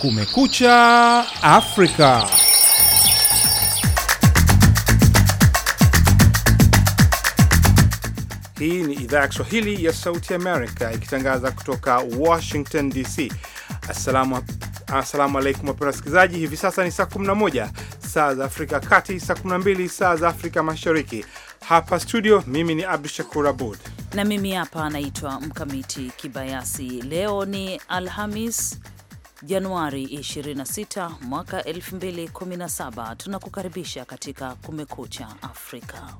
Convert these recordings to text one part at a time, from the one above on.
Kumekucha Afrika. Hii ni idhaa ya Kiswahili ya Sauti Amerika ikitangaza kutoka Washington DC. Assalamu, assalamu alaikum wapenda wasikilizaji. Hivi sasa ni saa 11 saa za Afrika Kati, saa 12 saa za Afrika Mashariki. Hapa studio, mimi ni Abdu Shakur Abud na mimi hapa anaitwa Mkamiti Kibayasi. Leo ni Alhamis Januari 26 mwaka 2017. Tunakukaribisha katika Kumekucha Afrika.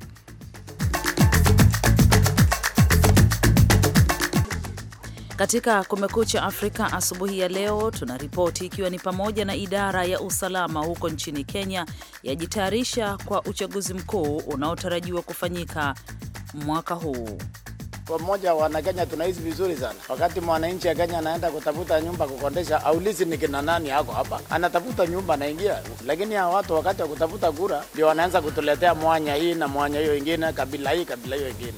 Katika Kumekucha Afrika asubuhi ya leo tuna ripoti ikiwa ni pamoja na idara ya usalama huko nchini Kenya yajitayarisha kwa uchaguzi mkuu unaotarajiwa kufanyika mwaka huu mmoja, kenya tunaishi vizuri sana. Wakati mwananchi ya Kenya anaenda kutafuta nyumba kukondesha, aulizi ni kina nani ako hapa, anatafuta nyumba anaingia. Lakini hawa watu wakati wa kutafuta kura ndio wanaanza kutuletea mwanya hii na mwanya hiyo ingine, kabila hii kabila hiyo ingine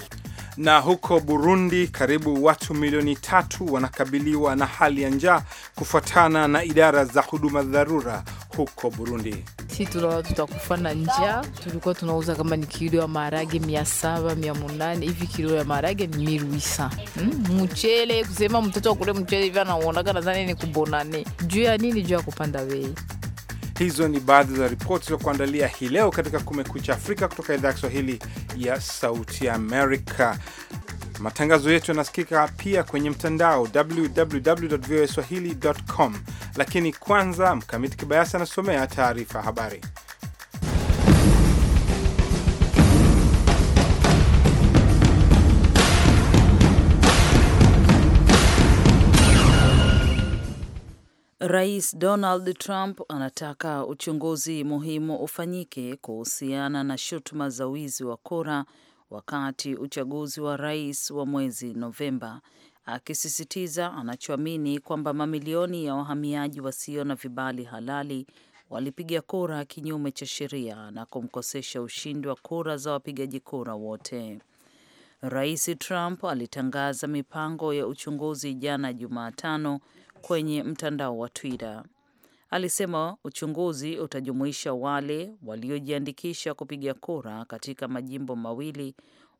na huko Burundi karibu watu milioni tatu wanakabiliwa na hali ya njaa kufuatana na idara za huduma dharura huko Burundi. Si tutakufa na njaa. Tulikuwa tunauza kama ni kilo ya maharage mia saba mia munane hivi, kilo ya maharage ni mia hmm? Mchele kusema mtoto akule mchele hivi anauondaga, nadhani ni kubonane juu ya nini, juu ya kupanda bei. Hizo ni baadhi za ripoti za kuandalia hii leo katika Kumekucha Afrika kutoka idhaa ya Kiswahili ya Sauti Amerika. Matangazo yetu yanasikika pia kwenye mtandao www.voaswahili.com, lakini kwanza Mkamiti Kibayasi anasomea taarifa habari. Rais Donald Trump anataka uchunguzi muhimu ufanyike kuhusiana na shutuma za wizi wa kura wakati uchaguzi wa rais wa mwezi Novemba, akisisitiza anachoamini kwamba mamilioni ya wahamiaji wasio na vibali halali walipiga kura kinyume cha sheria na kumkosesha ushindi wa kura za wapigaji kura wote. Rais Trump alitangaza mipango ya uchunguzi jana Jumatano kwenye mtandao wa Twitter alisema uchunguzi utajumuisha wale waliojiandikisha kupiga kura katika majimbo mawili,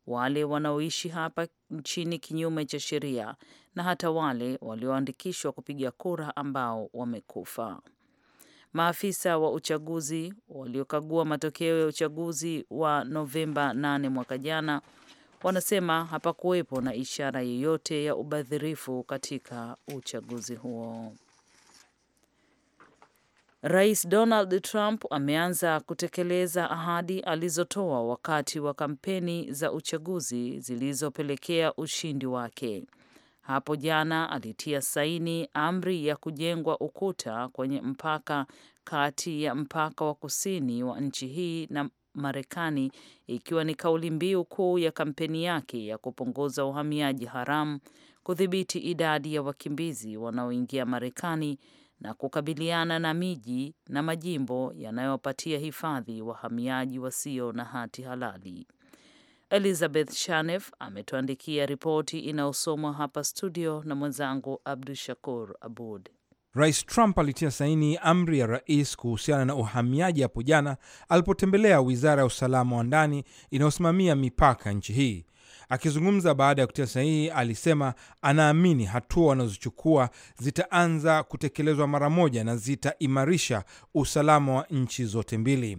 wale wanaoishi hapa nchini kinyume cha sheria na hata wale walioandikishwa kupiga kura ambao wamekufa. Maafisa wa uchaguzi waliokagua matokeo ya uchaguzi wa Novemba 8 mwaka jana wanasema hapakuwepo na ishara yoyote ya ubadhirifu katika uchaguzi huo. Rais Donald Trump ameanza kutekeleza ahadi alizotoa wakati wa kampeni za uchaguzi zilizopelekea ushindi wake. Hapo jana alitia saini amri ya kujengwa ukuta kwenye mpaka kati ya mpaka wa kusini wa nchi hii na Marekani, ikiwa ni kauli mbiu kuu ya kampeni yake ya kupunguza uhamiaji haramu, kudhibiti idadi ya wakimbizi wanaoingia Marekani na kukabiliana na miji na majimbo yanayopatia hifadhi wahamiaji wasio na hati halali. Elizabeth Shanef ametuandikia ripoti inayosomwa hapa studio na mwenzangu Abdu Shakur Abud. Rais Trump alitia saini amri ya rais kuhusiana na uhamiaji hapo jana alipotembelea wizara ya usalama wa ndani inayosimamia mipaka nchi hii. Akizungumza baada ya kutia sahihi, alisema anaamini hatua wanazochukua zitaanza kutekelezwa mara moja na zitaimarisha usalama wa nchi zote mbili.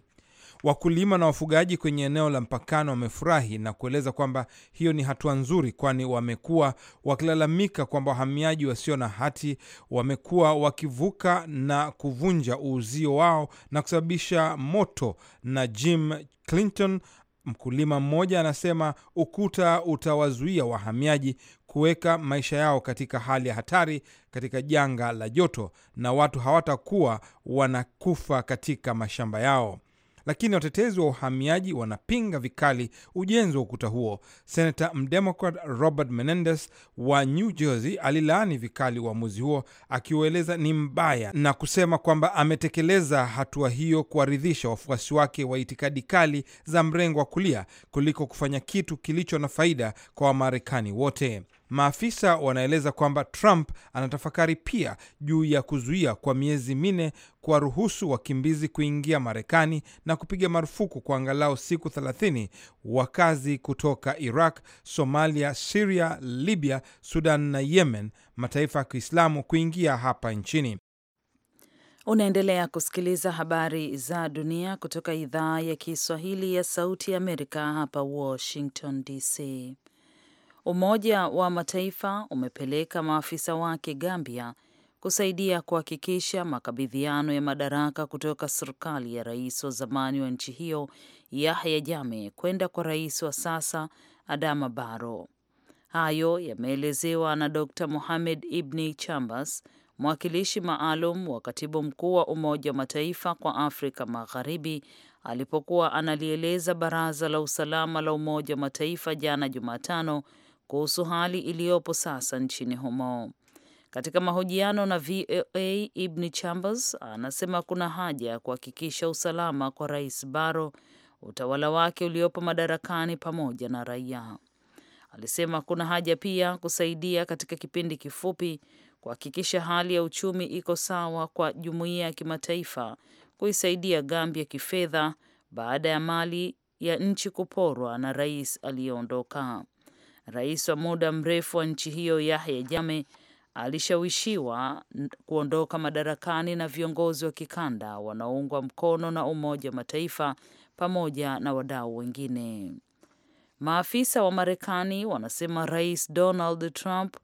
Wakulima na wafugaji kwenye eneo la mpakano wamefurahi na kueleza kwamba hiyo ni hatua nzuri, kwani wamekuwa wakilalamika kwamba wahamiaji wasio na hati wamekuwa wakivuka na kuvunja uuzio wao na kusababisha moto. Na Jim Clinton Mkulima mmoja anasema ukuta utawazuia wahamiaji kuweka maisha yao katika hali ya hatari katika janga la joto, na watu hawatakuwa wanakufa katika mashamba yao lakini watetezi wa uhamiaji wanapinga vikali ujenzi wa ukuta huo. Senata mdemokrat Robert Menendez wa New Jersey alilaani vikali uamuzi huo, akiueleza ni mbaya na kusema kwamba ametekeleza hatua hiyo kuwaridhisha wafuasi wake wa itikadi kali za mrengo wa kulia kuliko kufanya kitu kilicho na faida kwa Wamarekani wote. Maafisa wanaeleza kwamba Trump anatafakari pia juu ya kuzuia kwa miezi minne kuwaruhusu wakimbizi kuingia Marekani na kupiga marufuku kwa angalau siku 30 wakazi kutoka Iraq, Somalia, Siria, Libya, Sudan na Yemen, mataifa ya Kiislamu kuingia hapa nchini. Unaendelea kusikiliza habari za dunia kutoka idhaa ya Kiswahili ya Sauti ya Amerika hapa Washington DC. Umoja wa Mataifa umepeleka maafisa wake Gambia kusaidia kuhakikisha makabidhiano ya madaraka kutoka serikali ya rais wa zamani wa nchi hiyo Yahya Jame kwenda kwa rais wa sasa Adama Baro. Hayo yameelezewa na Dr. Mohamed Ibni Chambers, mwakilishi maalum wa katibu mkuu wa Umoja wa Mataifa kwa Afrika Magharibi, alipokuwa analieleza Baraza la Usalama la Umoja wa Mataifa jana Jumatano kuhusu hali iliyopo sasa nchini humo. Katika mahojiano na VOA, Ibn Chambers anasema kuna haja ya kuhakikisha usalama kwa Rais Baro, utawala wake uliopo madarakani pamoja na raia. Alisema kuna haja pia kusaidia katika kipindi kifupi kuhakikisha hali ya uchumi iko sawa kwa jumuiya ya kimataifa kuisaidia Gambia kifedha baada ya mali ya nchi kuporwa na rais aliyeondoka. Rais wa muda mrefu wa nchi hiyo Yahya jame alishawishiwa kuondoka madarakani na viongozi wa kikanda wanaoungwa mkono na Umoja wa Mataifa pamoja na wadau wengine. Maafisa wa Marekani wanasema Rais Donald Trump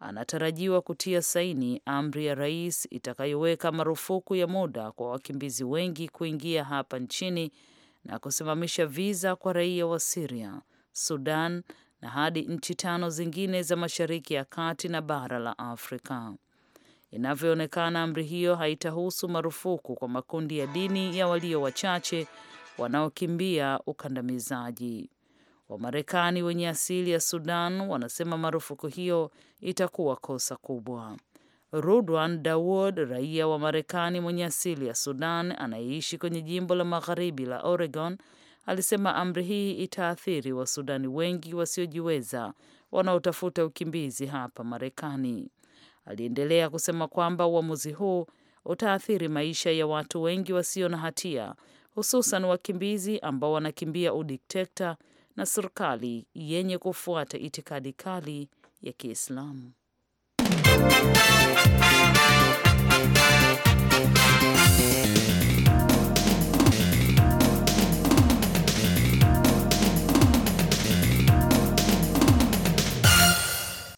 anatarajiwa kutia saini amri ya rais itakayoweka marufuku ya muda kwa wakimbizi wengi kuingia hapa nchini na kusimamisha viza kwa raia wa Siria, Sudan na hadi nchi tano zingine za Mashariki ya Kati na bara la Afrika. Inavyoonekana, amri hiyo haitahusu marufuku kwa makundi ya dini ya walio wachache wanaokimbia ukandamizaji. Wamarekani wenye asili ya Sudan wanasema marufuku hiyo itakuwa kosa kubwa. Rudwan dawod raia wa Marekani mwenye asili ya Sudan anayeishi kwenye jimbo la magharibi la Oregon, alisema amri hii itaathiri Wasudani wengi wasiojiweza wanaotafuta ukimbizi hapa Marekani. Aliendelea kusema kwamba uamuzi huu utaathiri maisha ya watu wengi wasio na hatia, hususan wakimbizi ambao wanakimbia udikteta na serikali yenye kufuata itikadi kali ya Kiislamu.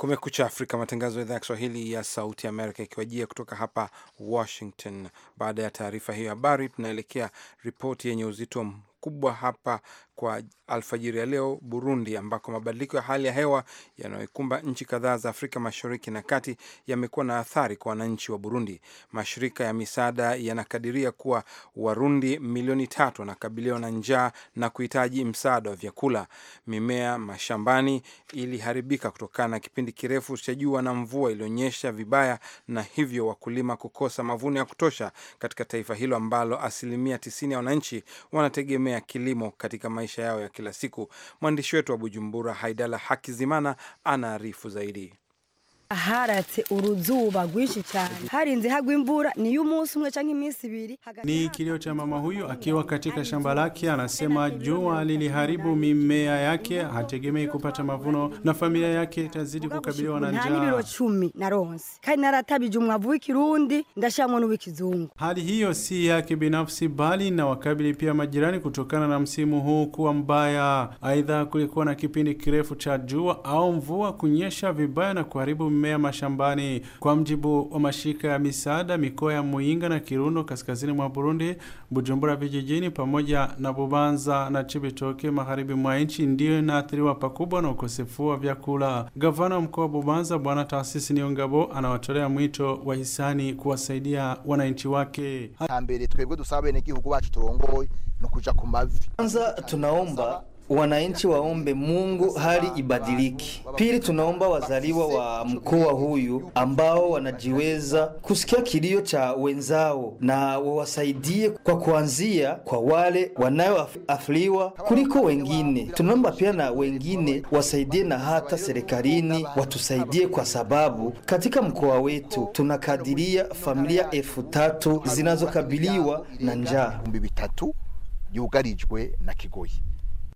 Kumekucha Afrika, matangazo ya idhaa ya Kiswahili ya Sauti Amerika ikiwajia kutoka hapa Washington. Baada ya taarifa hiyo habari, tunaelekea ripoti yenye uzito mkubwa hapa kwa alfajiri ya leo Burundi, ambako mabadiliko ya hali ya hewa yanayoikumba nchi kadhaa za Afrika Mashariki na Kati yamekuwa na athari kwa wananchi wa Burundi. Mashirika ya misaada yanakadiria kuwa Warundi milioni tatu wanakabiliwa na njaa na kuhitaji msaada wa vyakula. Mimea mashambani iliharibika kutokana na kipindi kirefu cha jua na mvua ilionyesha vibaya, na hivyo wakulima kukosa mavuno ya kutosha katika taifa hilo ambalo asilimia 90 ya wananchi wanategemea kilimo katika maisha maisha yao ya kila siku. Mwandishi wetu wa Bujumbura, Haidala Hakizimana, anaarifu zaidi. Aharate uruzuba rwinshi cyane harinze hagwa imvura niyo umunsi umwe cyangwa iminsi ibiri ni kilio cha mama huyu akiwa katika shamba lake anasema jua liliharibu mimea yake hategemei kupata mavuno na familia yake itazidi kukabiliwa na njaa nta 10 na naronse kandi naratabije umwavu w'ikirundi no w'ikizungu hali hiyo si yake binafsi bali na wakabili pia majirani kutokana na msimu huu kuwa mbaya aidha kulikuwa na kipindi kirefu cha jua au mvua kunyesha vibaya na kuharibu mimea mashambani. Kwa mjibu wa mashirika ya misaada mikoa ya Muyinga na Kirundo kaskazini mwa Burundi, Bujumbura vijijini pamoja na Bubanza na Chibitoke magharibi mwa nchi ndiyo inaathiriwa pakubwa na ukosefu wa vyakula. Gavana wa mkoa wa Bubanza Bwana Taasisi Niyongabo anawatolea mwito wa hisani kuwasaidia wananchi wake. Hambere twebwe dusaba benegihugu bacu turongoye no kuja Kwanza tunaomba wananchi waombe Mungu hali ibadiliki. Pili, tunaomba wazaliwa wa mkoa huyu ambao wanajiweza kusikia kilio cha wenzao na wawasaidie kwa kuanzia kwa wale wanayoafliwa kuliko wengine. Tunaomba pia na wengine wasaidie, na hata serikalini watusaidie, kwa sababu katika mkoa wetu tunakadiria familia elfu tatu zinazokabiliwa na njaa yugarijwe na Kigoyi.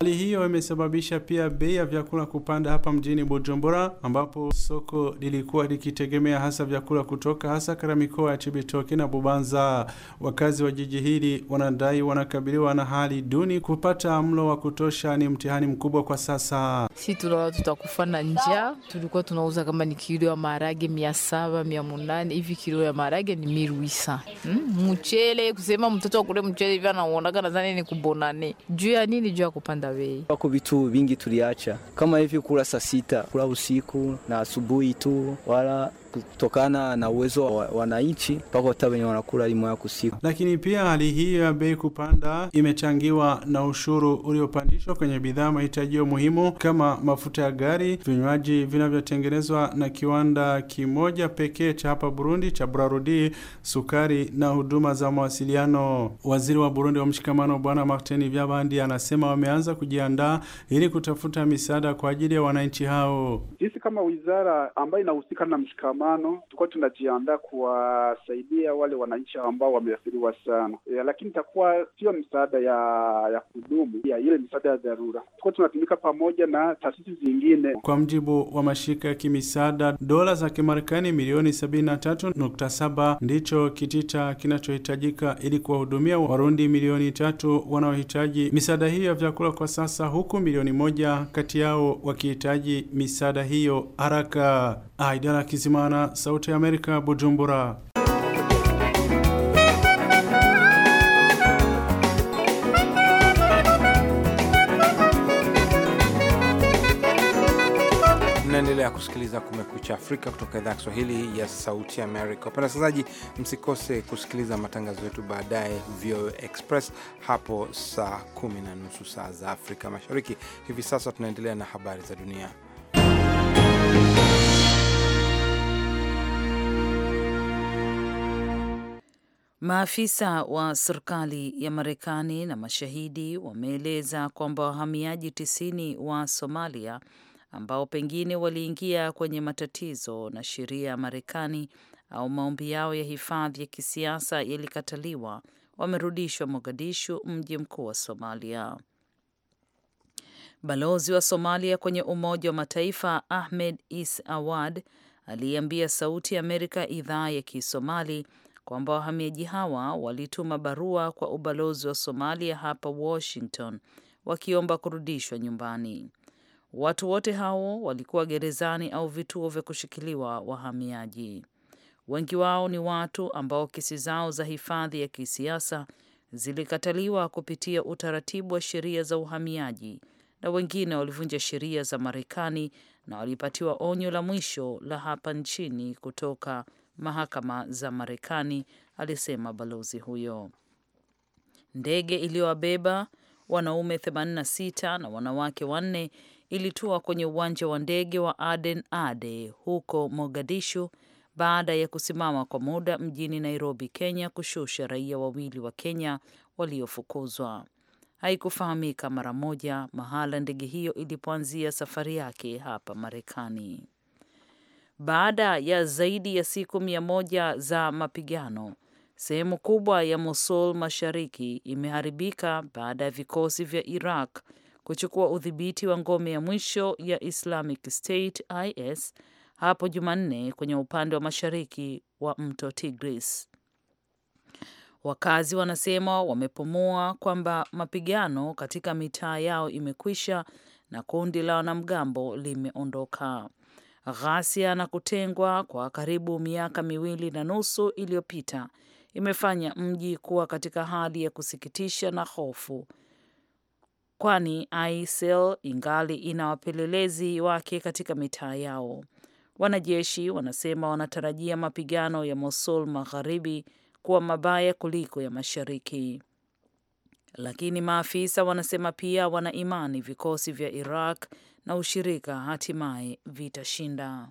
Hali hiyo imesababisha pia bei ya vyakula kupanda hapa mjini Bujumbura, ambapo soko lilikuwa likitegemea hasa vyakula kutoka hasa katika mikoa ya Chibitoke na Bubanza. Wakazi wa jiji hili wanadai wanakabiliwa na hali duni, kupata mlo wa kutosha ni mtihani mkubwa kwa sasa. Si tunaona tutakufa na njaa. Tulikuwa tunauza kama ni kilo ya maharage mia saba mia munane hivi, kilo ya maharage ni mirwisa. Hmm? Mchele kusema mtoto akule mchele hivi anaonaga, nadhani ni kubonane juu ya nini, juu ya kupanda kupanda bei. Wako vitu vingi tuliacha kama hivi, kula saa sita, kula usiku na asubuhi tu, wala kutokana na uwezo wa wananchi, mpaka hata wenye wanakula limo ya kusiku. Lakini pia hali hiyo ya bei kupanda imechangiwa na ushuru uliopandishwa kwenye bidhaa mahitajio muhimu kama mafuta ya gari, vinywaji vinavyotengenezwa na kiwanda kimoja pekee cha hapa Burundi cha Brarudi, sukari na huduma za mawasiliano. Waziri wa Burundi wa mshikamano Bwana Martin Vyabandi anasema wameanza kujiandaa ili kutafuta misaada kwa ajili ya wananchi hao. Sisi kama wizara ambayo inahusika na mshikamano maandamano, tulikuwa tunajiandaa kuwasaidia wale wananchi ambao wameathiriwa sana e, lakini itakuwa sio misaada ya ya kudumu ya ile misaada ya dharura. Tulikuwa tunatumika pamoja na taasisi zingine. Kwa mjibu wa mashirika ya kimisaada, dola za Kimarekani milioni sabini na tatu nukta saba ndicho kitita kinachohitajika ili kuwahudumia Warundi milioni tatu wanaohitaji misaada hiyo ya vyakula kwa sasa, huku milioni moja kati yao wakihitaji misaada hiyo haraka. Aidara Kizimana, Sauti ya Amerika, Bujumbura. naendelea kusikiliza Kumekucha Afrika kutoka idhaa ya Kiswahili ya Sauti Amerika. Wapenda wasikilizaji, msikose kusikiliza matangazo yetu baadaye, VOA Express hapo saa kumi na nusu saa za Afrika Mashariki. Hivi sasa tunaendelea na habari za dunia. Maafisa wa serikali ya Marekani na mashahidi wameeleza kwamba wahamiaji tisini wa Somalia ambao pengine waliingia kwenye matatizo na sheria ya Marekani au maombi yao ya hifadhi ya kisiasa yalikataliwa wamerudishwa Mogadishu, mji mkuu wa Somalia. Balozi wa Somalia kwenye Umoja wa Mataifa Ahmed Is Awad aliambia Sauti ya Amerika idhaa ya Kisomali kwamba wahamiaji hawa walituma barua kwa ubalozi wa Somalia hapa Washington wakiomba kurudishwa nyumbani. Watu wote hao walikuwa gerezani au vituo vya kushikiliwa wahamiaji. Wengi wao ni watu ambao kesi zao za hifadhi ya kisiasa zilikataliwa kupitia utaratibu wa sheria za uhamiaji, na wengine walivunja sheria za Marekani na walipatiwa onyo la mwisho la hapa nchini kutoka mahakama za Marekani, alisema balozi huyo. Ndege iliyowabeba wanaume 86 na wanawake wanne ilitua kwenye uwanja wa ndege wa Aden Ade huko Mogadishu baada ya kusimama kwa muda mjini Nairobi, Kenya, kushusha raia wawili wa Kenya waliofukuzwa. Haikufahamika mara moja mahala ndege hiyo ilipoanzia safari yake hapa Marekani baada ya zaidi ya siku mia moja za mapigano. Sehemu kubwa ya Mosul mashariki imeharibika baada ya vikosi vya Iraq kuchukua udhibiti wa ngome ya mwisho ya Islamic State IS hapo Jumanne kwenye upande wa mashariki wa mto Tigris. Wakazi wanasema wamepumua kwamba mapigano katika mitaa yao imekwisha na kundi la wanamgambo limeondoka. Ghasia na kutengwa kwa karibu miaka miwili na nusu iliyopita imefanya mji kuwa katika hali ya kusikitisha na hofu, kwani ISIL ingali ina wapelelezi wake katika mitaa yao. Wanajeshi wanasema wanatarajia mapigano ya Mosul magharibi kuwa mabaya kuliko ya mashariki lakini maafisa wanasema pia wana imani vikosi vya Iraq na ushirika hatimaye vitashinda.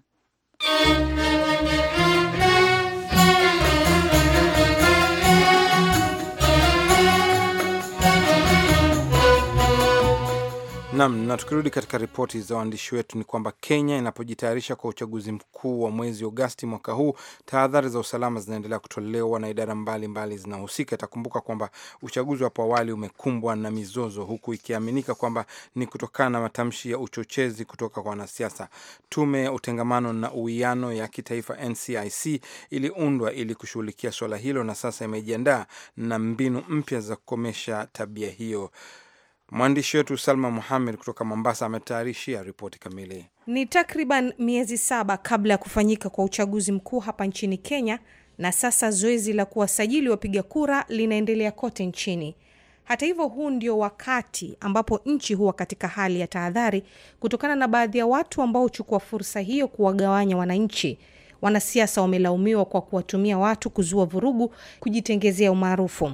Nam, na tukirudi katika ripoti za waandishi wetu ni kwamba Kenya inapojitayarisha kwa uchaguzi mkuu wa mwezi Agosti mwaka huu, tahadhari za usalama zinaendelea kutolewa na idara mbalimbali zinahusika. Itakumbuka kwamba uchaguzi hapo awali umekumbwa na mizozo, huku ikiaminika kwamba ni kutokana na matamshi ya uchochezi kutoka kwa wanasiasa. Tume ya Utengamano na Uwiano ya Kitaifa, NCIC, iliundwa ili kushughulikia suala hilo na sasa imejiandaa na mbinu mpya za kukomesha tabia hiyo. Mwandishi wetu Salma Muhamed kutoka Mombasa ametayarishia ripoti kamili. Ni takriban miezi saba kabla ya kufanyika kwa uchaguzi mkuu hapa nchini Kenya, na sasa zoezi la kuwasajili wapiga kura linaendelea kote nchini. Hata hivyo, huu ndio wakati ambapo nchi huwa katika hali ya tahadhari kutokana na baadhi ya watu ambao huchukua fursa hiyo kuwagawanya wananchi. Wanasiasa wamelaumiwa kwa kuwatumia watu kuzua vurugu, kujitengezea umaarufu.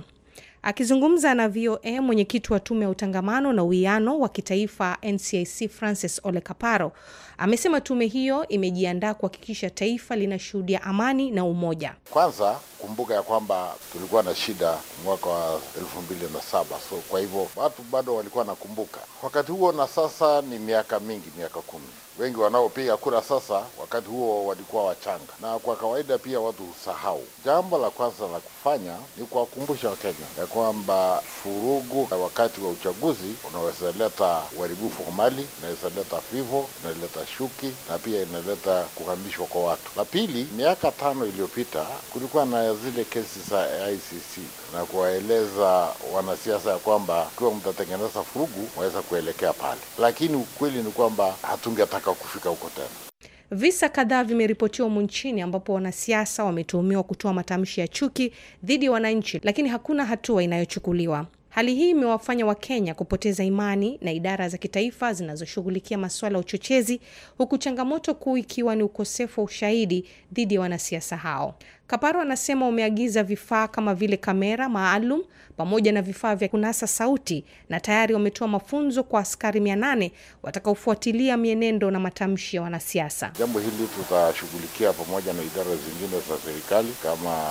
Akizungumza na VOA, mwenyekiti wa tume ya utangamano na uwiano wa kitaifa NCIC Francis Ole Kaparo amesema tume hiyo imejiandaa kuhakikisha taifa linashuhudia amani na umoja. Kwanza kumbuka ya kwamba tulikuwa na shida mwaka wa elfu mbili na saba, so kwa hivyo watu bado walikuwa nakumbuka wakati huo, na sasa ni miaka mingi, miaka kumi wengi wanaopiga kura sasa, wakati huo walikuwa wachanga, na kwa kawaida pia watu husahau. Jambo la kwanza la kufanya ni kuwakumbusha Wakenya ya kwamba furugu wakati wa uchaguzi unaweza leta uharibifu wa mali, inaweza leta vifo, inaleta shuki na pia inaleta kuhamishwa kwa watu. La pili, miaka tano iliyopita kulikuwa na zile kesi za ICC na kuwaeleza wanasiasa ya kwamba ikiwa mtatengeneza furugu waweza kuelekea pale, lakini ukweli ni kwamba hatungetaka kufika huko tena. Visa kadhaa vimeripotiwa humu nchini ambapo wanasiasa wametuhumiwa kutoa matamshi ya chuki dhidi ya wananchi, lakini hakuna hatua inayochukuliwa. Hali hii imewafanya Wakenya kupoteza imani na idara za kitaifa zinazoshughulikia masuala ya uchochezi, huku changamoto kuu ikiwa ni ukosefu wa ushahidi dhidi ya wanasiasa hao. Kaparo anasema wameagiza vifaa kama vile kamera maalum pamoja na vifaa vya kunasa sauti na tayari wametoa mafunzo kwa askari mia nane watakaofuatilia mienendo na matamshi ya wanasiasa. Jambo hili tutashughulikia pamoja na idara zingine za serikali kama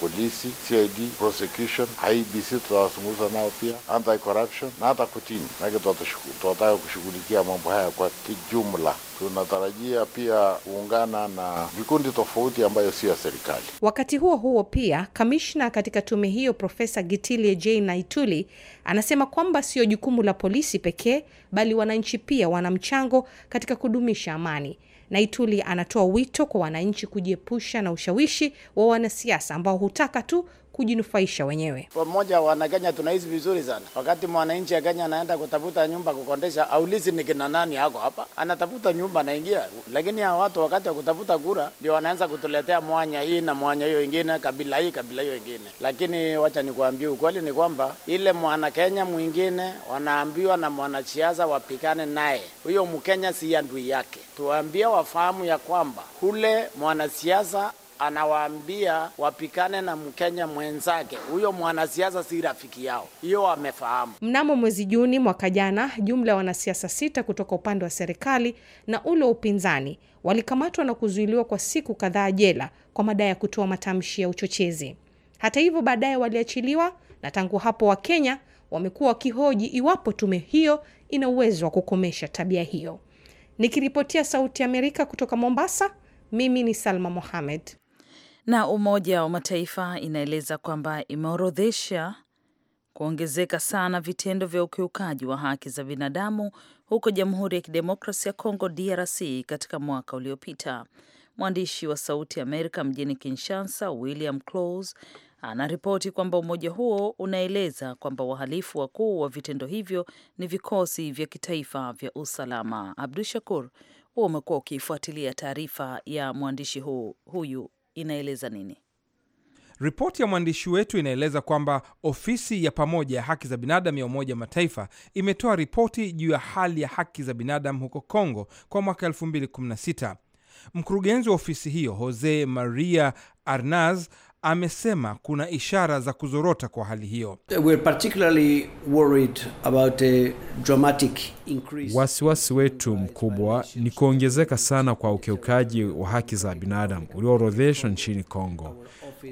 polisi, CID, prosecution, IBC, e tutawazungumza nao pia anti corruption na hata kutini, manake tunataka kushughulikia mambo haya kwa kijumla tunatarajia pia kuungana na vikundi tofauti ambayo sio ya serikali. Wakati huo huo, pia kamishna katika tume hiyo Profesa Gitilie J Naituli anasema kwamba sio jukumu la polisi pekee, bali wananchi pia wana mchango katika kudumisha amani. Naituli anatoa wito kwa wananchi kujiepusha na ushawishi wa wanasiasa ambao hutaka tu kujinufaisha wenyewe. Pamoja Wanakenya tunaishi vizuri sana. Wakati mwananchi ya Kenya anaenda kutafuta nyumba kukondesha, aulizi ni kina nani ako hapa, anatafuta nyumba anaingia. Lakini hawa watu wakati wa kutafuta kura ndio wanaanza kutuletea mwanya hii na mwanya hiyo ingine, kabila hii kabila hiyo ingine. Lakini wacha nikuambie ukweli ni kwamba ile mwanakenya mwingine wanaambiwa na mwanasiasa wapikane naye, huyo Mkenya si adui yake. Tuwaambia wafahamu ya kwamba kule mwanasiasa anawaambia wapikane na Mkenya mwenzake. Huyo mwanasiasa si rafiki yao, hiyo wamefahamu. Mnamo mwezi Juni mwaka jana, jumla ya wanasiasa sita kutoka upande wa serikali na ule wa upinzani walikamatwa na kuzuiliwa kwa siku kadhaa jela kwa madai ya kutoa matamshi ya uchochezi. Hata hivyo, baadaye waliachiliwa na tangu hapo Wakenya wamekuwa wakihoji iwapo tume hiyo ina uwezo wa kukomesha tabia hiyo. Nikiripotia Sauti ya Amerika kutoka Mombasa, mimi ni Salma Mohamed. Na Umoja wa Mataifa inaeleza kwamba imeorodhesha kuongezeka sana vitendo vya ukiukaji wa haki za binadamu huko Jamhuri ya Kidemokrasia ya Kongo DRC katika mwaka uliopita. Mwandishi wa Sauti Amerika mjini Kinshasa, William Close anaripoti kwamba umoja huo unaeleza kwamba wahalifu wakuu wa vitendo hivyo ni vikosi vya kitaifa vya usalama. Abdu Shakur, huo umekuwa ukiifuatilia taarifa ya mwandishi huu, huyu inaeleza nini? Ripoti ya mwandishi wetu inaeleza kwamba ofisi ya pamoja ya haki za binadamu ya Umoja Mataifa imetoa ripoti juu ya hali ya haki za binadamu huko Kongo kwa mwaka 2016. Mkurugenzi wa ofisi hiyo Jose Maria Arnaz amesema kuna ishara za kuzorota kwa hali hiyo. We're particularly worried about a dramatic Wasiwasi wetu mkubwa ni kuongezeka sana kwa ukiukaji wa haki za binadamu ulioorodheshwa nchini Kongo.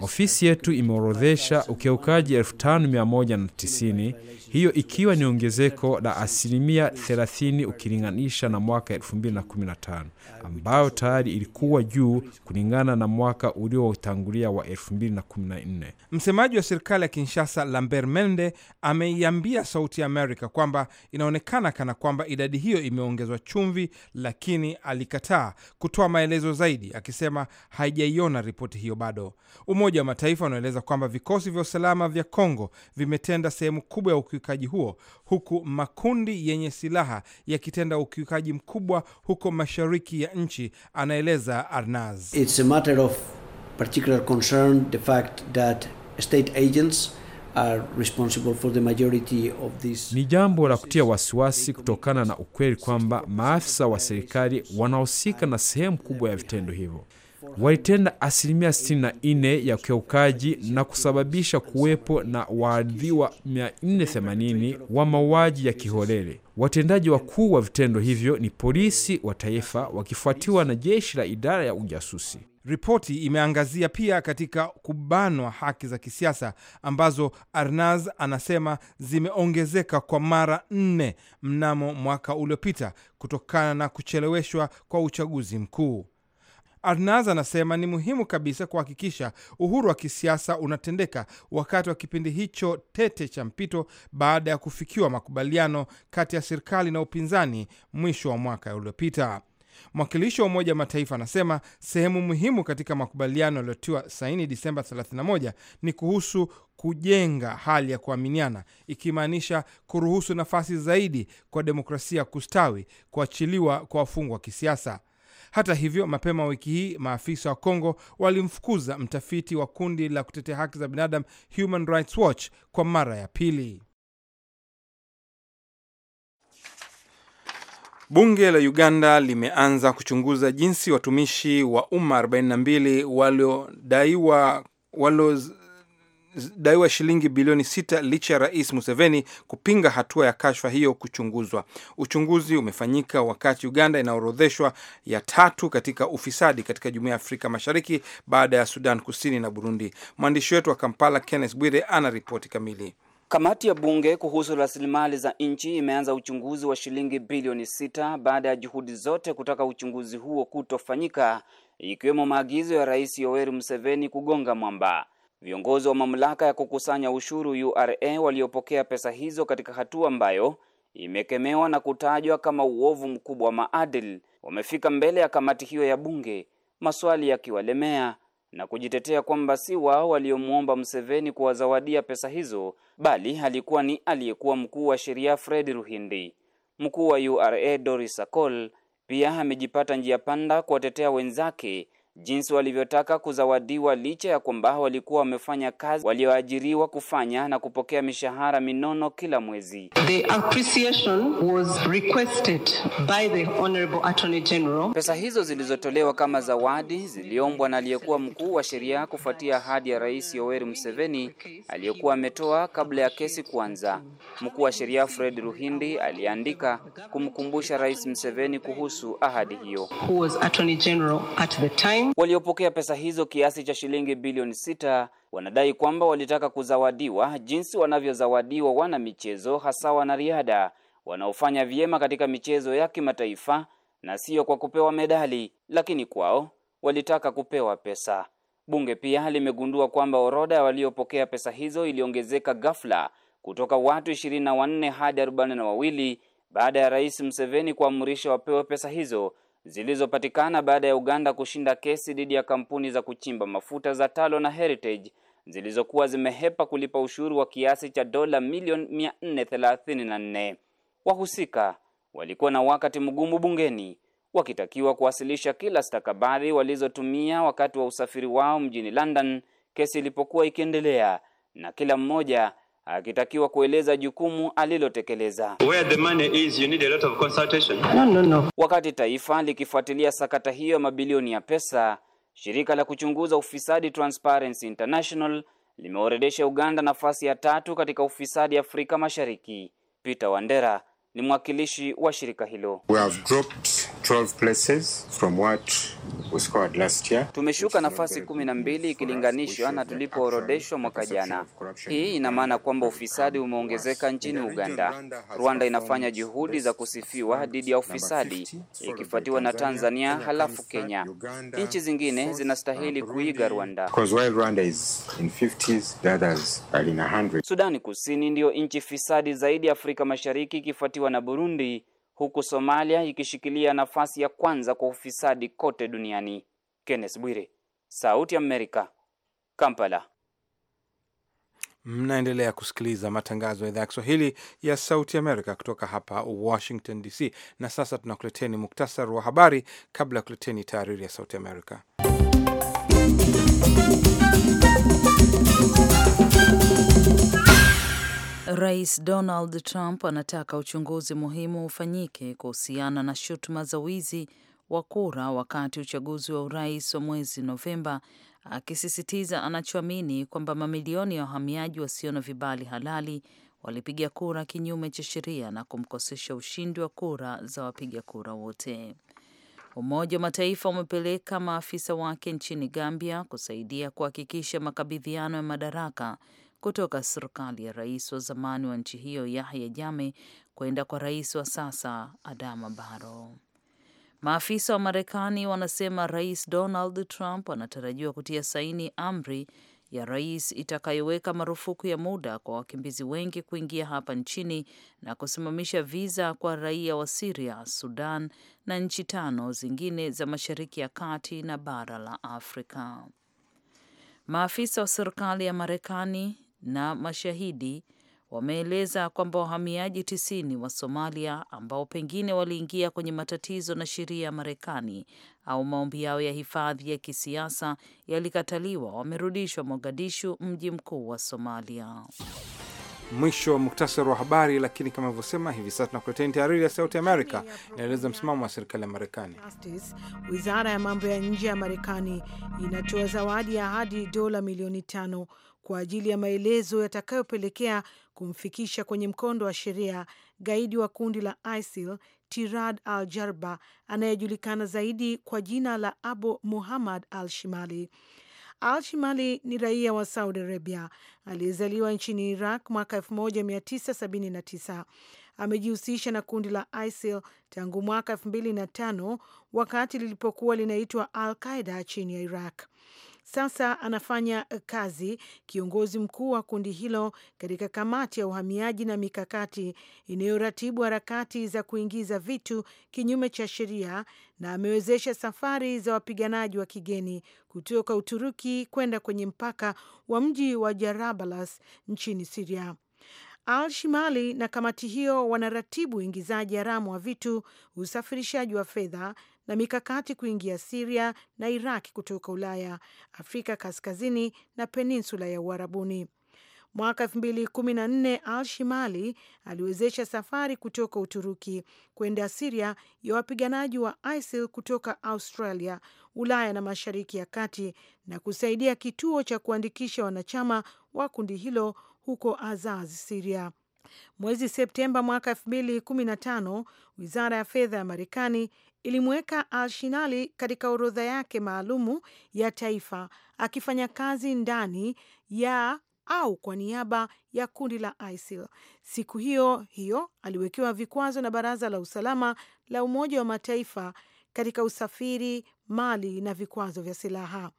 Ofisi yetu imeorodhesha ukiukaji 5190 hiyo ikiwa ni ongezeko la asilimia 30 ukilinganisha na mwaka 2015 ambayo tayari ilikuwa juu kulingana na mwaka uliotangulia wa 2014. Msemaji wa serikali ya Kinshasa Lambert Mende ameiambia Sauti ya Amerika kwamba inaonekana kana kwamba idadi hiyo imeongezwa chumvi, lakini alikataa kutoa maelezo zaidi, akisema haijaiona ripoti hiyo bado. Umoja wa Mataifa unaeleza kwamba vikosi vya usalama vya Kongo vimetenda sehemu kubwa ya ukiukaji huo, huku makundi yenye silaha yakitenda ukiukaji mkubwa huko mashariki ya nchi, anaeleza Arnaz. It's a matter of particular concern the fact that state agents ni jambo la kutia wasiwasi kutokana na ukweli kwamba maafisa wa serikali wanahusika na sehemu kubwa ya vitendo hivyo. Walitenda asilimia 64 ya ukeukaji na kusababisha kuwepo na waadhiwa 480 wa mauaji ya kiholele Watendaji wakuu wa vitendo hivyo ni polisi wa taifa wakifuatiwa na jeshi la idara ya ujasusi. Ripoti imeangazia pia katika kubanwa haki za kisiasa ambazo Arnaz anasema zimeongezeka kwa mara nne mnamo mwaka uliopita kutokana na kucheleweshwa kwa uchaguzi mkuu. Arnaz anasema ni muhimu kabisa kuhakikisha uhuru wa kisiasa unatendeka wakati wa kipindi hicho tete cha mpito baada ya kufikiwa makubaliano kati ya serikali na upinzani mwisho wa mwaka uliopita. Mwakilishi wa Umoja Mataifa anasema sehemu muhimu katika makubaliano yaliyotiwa saini Disemba 31 ni kuhusu kujenga hali ya kuaminiana, ikimaanisha kuruhusu nafasi zaidi kwa demokrasia kustawi, kuachiliwa kwa wafungwa wa kisiasa. Hata hivyo, mapema wiki hii maafisa wa Kongo walimfukuza mtafiti wa kundi la kutetea haki za binadamu Human Rights Watch kwa mara ya pili. Bunge la Uganda limeanza kuchunguza jinsi watumishi wa umma 42 waliodaiwa daiwa shilingi bilioni sita licha ya Rais Museveni kupinga hatua ya kashfa hiyo kuchunguzwa. Uchunguzi umefanyika wakati Uganda inaorodheshwa ya tatu katika ufisadi katika Jumuiya ya Afrika Mashariki baada ya Sudan Kusini na Burundi. Mwandishi wetu wa Kampala Kenneth Bwire ana ripoti kamili. Kamati ya bunge kuhusu rasilimali za nchi imeanza uchunguzi wa shilingi bilioni sita baada ya juhudi zote kutaka uchunguzi huo kutofanyika, ikiwemo maagizo ya Rais Yoweri Museveni kugonga mwamba. Viongozi wa mamlaka ya kukusanya ushuru URA waliopokea pesa hizo katika hatua ambayo imekemewa na kutajwa kama uovu mkubwa wa maadili, wamefika mbele ya kamati hiyo ya bunge, maswali yakiwalemea na kujitetea kwamba si wao waliomwomba mseveni kuwazawadia pesa hizo, bali alikuwa ni aliyekuwa mkuu wa sheria Fred Ruhindi. Mkuu wa URA Doris Akol pia amejipata njia panda kuwatetea wenzake jinsi walivyotaka kuzawadiwa licha ya kwamba walikuwa wamefanya kazi walioajiriwa kufanya na kupokea mishahara minono kila mwezi. The appreciation was requested by the Honorable Attorney General. Pesa hizo zilizotolewa kama zawadi ziliombwa na aliyekuwa mkuu wa sheria kufuatia ahadi ya Rais Yoweri Museveni aliyekuwa ametoa kabla ya kesi kuanza. Mkuu wa sheria Fred Ruhindi aliandika kumkumbusha Rais Museveni kuhusu ahadi hiyo. Who was Attorney General at the time Beijing Waliopokea pesa hizo kiasi cha shilingi bilioni sita wanadai kwamba walitaka kuzawadiwa jinsi wanavyozawadiwa wana michezo hasa wanariadha wanaofanya vyema katika michezo ya kimataifa na sio kwa kupewa medali, lakini kwao walitaka kupewa pesa. Bunge pia limegundua kwamba orodha ya waliopokea pesa hizo iliongezeka ghafla kutoka watu 24 hadi 42 baada ya Rais mseveni kuamrisha wapewe pesa hizo zilizopatikana baada ya Uganda kushinda kesi dhidi ya kampuni za kuchimba mafuta za Talo na Heritage zilizokuwa zimehepa kulipa ushuru wa kiasi cha dola milioni 434. Wahusika walikuwa na wakati mgumu bungeni wakitakiwa kuwasilisha kila stakabadhi walizotumia wakati wa usafiri wao mjini London kesi ilipokuwa ikiendelea, na kila mmoja akitakiwa kueleza jukumu alilotekeleza. Where the money is, you need a lot of consultation. No, no, no. Wakati taifa likifuatilia sakata hiyo ya mabilioni ya pesa, shirika la kuchunguza ufisadi Transparency International limeorodesha Uganda nafasi ya tatu katika ufisadi Afrika Mashariki. Peter Wandera ni mwakilishi wa shirika hilo. We have dropped 12 places from what we scored last year. Tumeshuka nafasi kumi na mbili ikilinganishwa na tulipoorodeshwa mwaka jana. Hii ina maana kwamba ufisadi umeongezeka nchini Uganda. Rwanda inafanya juhudi za kusifiwa dhidi ya ufisadi ikifuatiwa na Tanzania halafu Kenya. Nchi zingine zinastahili kuiga Rwanda. Sudani Kusini ndiyo nchi fisadi zaidi Afrika Mashariki ikifuatiwa na Burundi huku Somalia ikishikilia nafasi ya kwanza kwa ufisadi kote duniani. Kenneth Bwire, Sauti Amerika, Kampala. Mnaendelea kusikiliza matangazo ya idhaa ya Kiswahili ya Sauti Amerika kutoka hapa Washington DC. Na sasa tunakuleteni muktasari wa habari kabla ya kuleteni taarifa ya Sauti Amerika. Rais Donald Trump anataka uchunguzi muhimu ufanyike kuhusiana na shutuma za wizi wa kura wakati uchaguzi wa urais wa mwezi Novemba, akisisitiza anachoamini kwamba mamilioni ya wahamiaji wasio na vibali halali walipiga kura kinyume cha sheria na kumkosesha ushindi wa kura za wapiga kura wote. Umoja wa Mataifa umepeleka maafisa wake nchini Gambia kusaidia kuhakikisha makabidhiano ya madaraka kutoka serikali ya rais wa zamani wa nchi hiyo Yahya jame kwenda kwa rais wa sasa Adama Barrow. Maafisa wa Marekani wanasema Rais Donald Trump anatarajiwa kutia saini amri ya rais itakayoweka marufuku ya muda kwa wakimbizi wengi kuingia hapa nchini na kusimamisha viza kwa raia wa Siria, Sudan na nchi tano zingine za Mashariki ya Kati na bara la Afrika. Maafisa wa serikali ya Marekani na mashahidi wameeleza kwamba wahamiaji tisini wa Somalia ambao pengine waliingia kwenye matatizo na sheria ya Marekani au maombi yao ya hifadhi ya kisiasa yalikataliwa wamerudishwa Mogadishu, mji mkuu wa Somalia. Mwisho wa muktasari wa habari. Lakini kama ilivyosema hivi sasa, tunakuletea tahariri ya Sauti Amerika inaeleza msimamo wa serikali ya Marekani. Wizara ya mambo ya nje ya Marekani inatoa zawadi ya hadi dola milioni tano kwa ajili ya maelezo yatakayopelekea kumfikisha kwenye mkondo wa sheria gaidi wa kundi la ISIL Tirad al Jarba anayejulikana zaidi kwa jina la Abu Muhammad al Shimali. Al Shimali ni raia wa Saudi Arabia aliyezaliwa nchini Iraq mwaka 1979. Amejihusisha na kundi la ISIL tangu mwaka 2005 wakati lilipokuwa linaitwa Al Qaida chini ya Iraq. Sasa anafanya eh, kazi kiongozi mkuu wa kundi hilo katika kamati ya uhamiaji na mikakati inayoratibu harakati za kuingiza vitu kinyume cha sheria na amewezesha safari za wapiganaji wa kigeni kutoka Uturuki kwenda kwenye mpaka wa mji wa jarabalas nchini Siria. Al Shimali na kamati hiyo wanaratibu uingizaji haramu wa vitu, usafirishaji wa fedha na mikakati kuingia Siria na Iraq kutoka Ulaya, Afrika Kaskazini na peninsula ya Uarabuni. Mwaka 2014 Al Shimali aliwezesha safari kutoka Uturuki kwenda Siria ya wapiganaji wa ISIL kutoka Australia, Ulaya na Mashariki ya Kati na kusaidia kituo cha kuandikisha wanachama wa kundi hilo huko Azaz, Siria. Mwezi Septemba mwaka 2015, Wizara ya Fedha ya Marekani ilimweka Al-Shinali katika orodha yake maalumu ya taifa akifanya kazi ndani ya au kwa niaba ya kundi la ISIL. Siku hiyo hiyo aliwekewa vikwazo na Baraza la Usalama la Umoja wa Mataifa katika usafiri, mali na vikwazo vya silaha.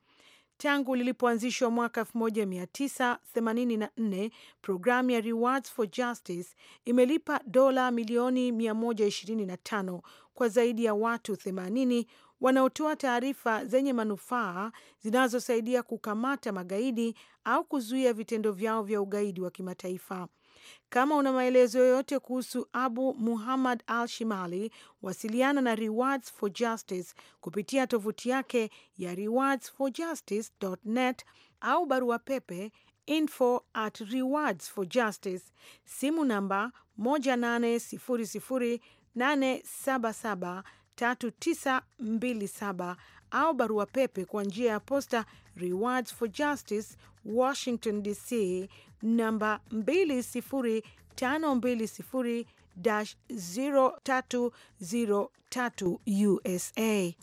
Tangu lilipoanzishwa mwaka 1984 programu ya Rewards for Justice imelipa dola milioni 125 kwa zaidi ya watu 80 wanaotoa taarifa zenye manufaa zinazosaidia kukamata magaidi au kuzuia vitendo vyao vya ugaidi wa kimataifa. Kama una maelezo yoyote kuhusu Abu Muhammad al Shimali, wasiliana na Rewards for Justice kupitia tovuti yake ya rewardsforjustice.net au barua pepe info at rewards for justice, simu namba 8773927 au barua pepe kwa njia ya posta Rewards for Justice, Washington DC, namba 20520 0303 USA.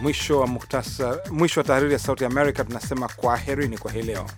Mwisho wa mwisho wa tahariri ya Sauti Amerika. Tunasema kwa kwaherini kwa hii leo.